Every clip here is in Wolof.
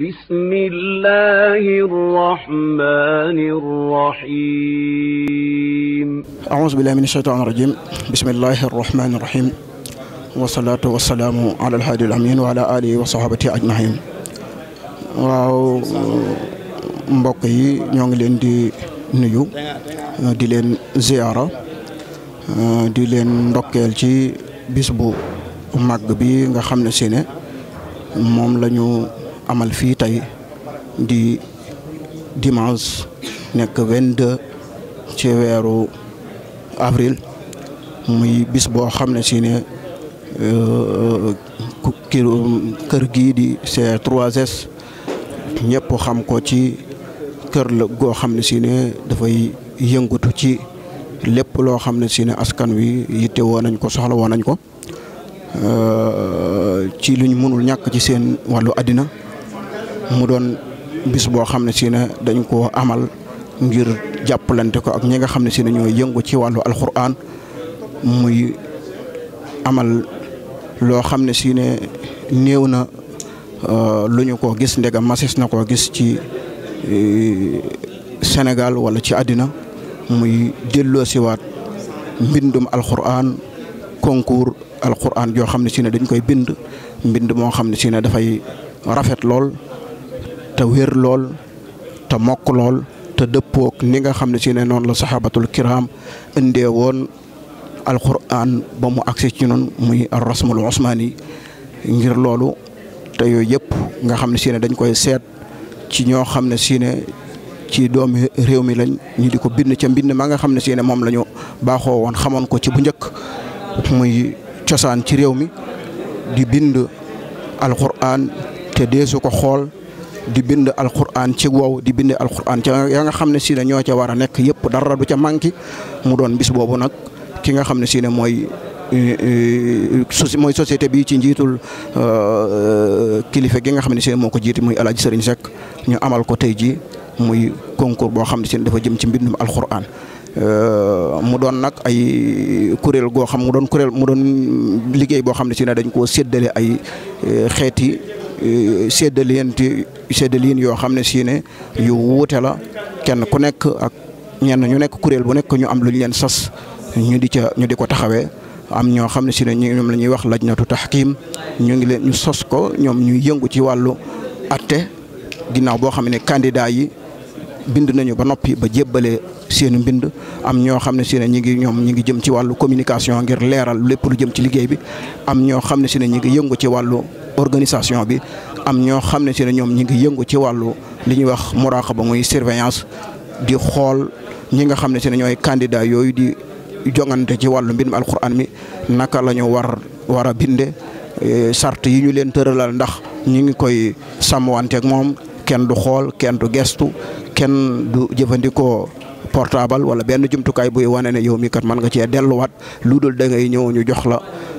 بسم الله الرحمن الرحيم أعوذ بالله من الشيطان الرجيم بسم الله الرحمن الرحيم والصلاة والسلام على الهادي الأمين وعلى آله وصحبه أجمعين waaw mbokk yi ñoo ngi leen di nuyu di leen ziyaara di leen ndokkeel ci bis bu màgg bi nga xam ne si ne moom lañu amal fii tey di dimanche nekk 22 ci weeru avril muy bis boo xam ne si ne euh, kër gii di c trois es ñëpp xam ko ci kër la goo xam ne si dafay yëngatu ci lépp loo xam ne si askan wi yitte woo nañ ko soxla woo nañ ko euh, ci luñ mënul ñàkk ci seen wàllu àddina mu doon bis boo xam ne si ne dañ koo amal ngir jàppalante ko ak ñi nga xam ne si ne yëngu ci wàllu alxuraan muy amal loo xam ne siine ne néew na euh, lu ñu ko gis ndegam masis na koo gis ci euh, Sénégal wala ci àddina muy delloo siwaat mbindum alxuraan concours alxuraan joo xam ne si ne dañ koy bind mbind moo xam ne si dafay rafet lool te wér lool te mokk lool te dëppook ni nga xam ne si ne noonu la saxaabatul kiram indee woon alquran ba mu agsi ci noon muy rasmul osmaani ngir loolu te yooyu yëpp nga xam ne si dañ koy seet ci ñoo xam ne siine ci doomi réew mi lañ ñu di ko bind ca mbind ma nga xam ne si moom la ñu baaxoo woon xamoon ko ci bu njëkk muy cosaan ci réew mi di bind alquran te deesu ko xool di bind alquran ci wow di bind alquran ca ya nga xam ne si ne ñoo ca war a nekk yëpp dara du ca manqué mu doon bis boobu nag ki nga xam ne si ne mooy euh, euh, mooy société bi ci njiitul euh, kilifa gi nga xam ne si moo ko jiiti muy Alaaji Sëriñ Seck ñu amal ko tey jii muy concours boo xam ne si ne dafa jëm ci mbindum alquran mu doon nag ay kuréel goo xam mu doon kuréel mu doon liggéey boo xam ne si ne dañ koo séddale ay xeeti Euh, séddaleenti séddaliin yoo xam ne si ne yu wuute la kenn ku nekk ak ñenn ñu nekk kuréel bu nekk ñu am lu ñu sos ñu di ca ñu di ko taxawee am ñoo xam ne si ne ñoom la ñuy wax tax kiim ñu ngi leen ñu sos ko ñoom ñuy yëngu ci wàllu atte ginnaaw boo xam ne candidat yi bind nañu ba noppi ba jébbale seen mbind am ñoo xam ne si ne ñi ngi ñoom ñi ngi jëm ci wàllu communication ngir leeral lépp lu jëm ci liggéey bi am ñoo xam ne si ne ñi ngi yëngu ci wàllu organisation bi am ñoo xam ne si ne ñoom ñi ngi yëngu ci wàllu li ñuy wax ba muy surveillance di xool ñi nga xam ne si ne ñooy candidat yooyu di jongante ci wàllu mbindum alquran mi naka lañu ñu war war a binde eh, sart yi ñu leen tëralal ndax ñu ngi koy sàmmwanteeg moom kenn du xool kenn du gestu kenn du jëfandikoo portable wala benn jumtukaay buy wane ne yow mi kat mën nga cee delluwaat lu dul da ngay ñëw ñu jox la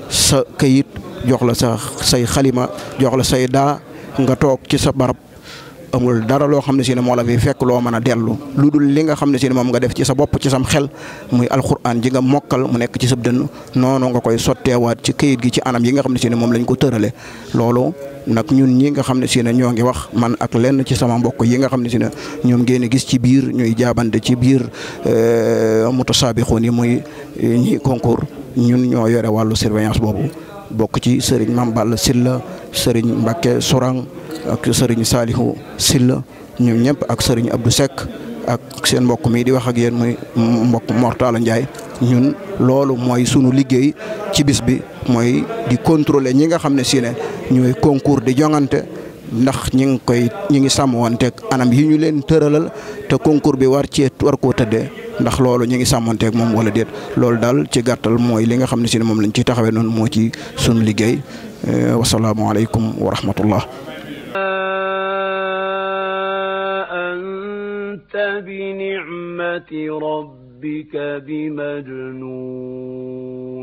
sa kayit jox la sa say xalima jox la say daa nga toog ci sa barab. amul dara loo xam ne si ne moo la fi fekk loo mën a dellu lu dul li nga xam ne si ne moom nga def ci sa bopp ci sam xel muy alxuraan ji nga mokkal mu nekk ci sab dënn noonu nga koy sotteewaat ci këyit gi ci anam yi nga xam ne si ne moom lañ ko tërale loolu nag ñun ñi nga xam ne si ne ñoo ngi wax man ak lenn ci sama mbokk yi nga xam ne si ne ñoom ngeen gis ci biir ñuy jaabante ci biir euh, mutasaabiqoon yi muy euh, ñi concours ñun ñoo yore wàllu surveillance boobu bokk ci sëriñ Mame Balla sëriñ Mbacke Sourang ak sëriñ Salihu Silla ñoom ñëpp ak sëriñ Abdou Seck ak seen mbokk mii di wax ak yéen muy mbokk Mortala Ndiaye ñun loolu mooy sunu liggéey ci bis bi mooy di contrôler ñi nga xam ne si ne ñooy concours di joŋante ndax ñi ngi koy ñi ngi sàmmanteeg anam yi ñu leen tëralal te concours bi war cee war koo tëddee ndax loolu ñi ngi sàmmanteek moom wala déet lool daal ci gàttal mooy li nga xam ne si ne moom lañ ciy taxawee noonu moo ci sunu liggéey euh, wasalaamualeykum wa rahmatullah أنت بنعمة ربك بمجنون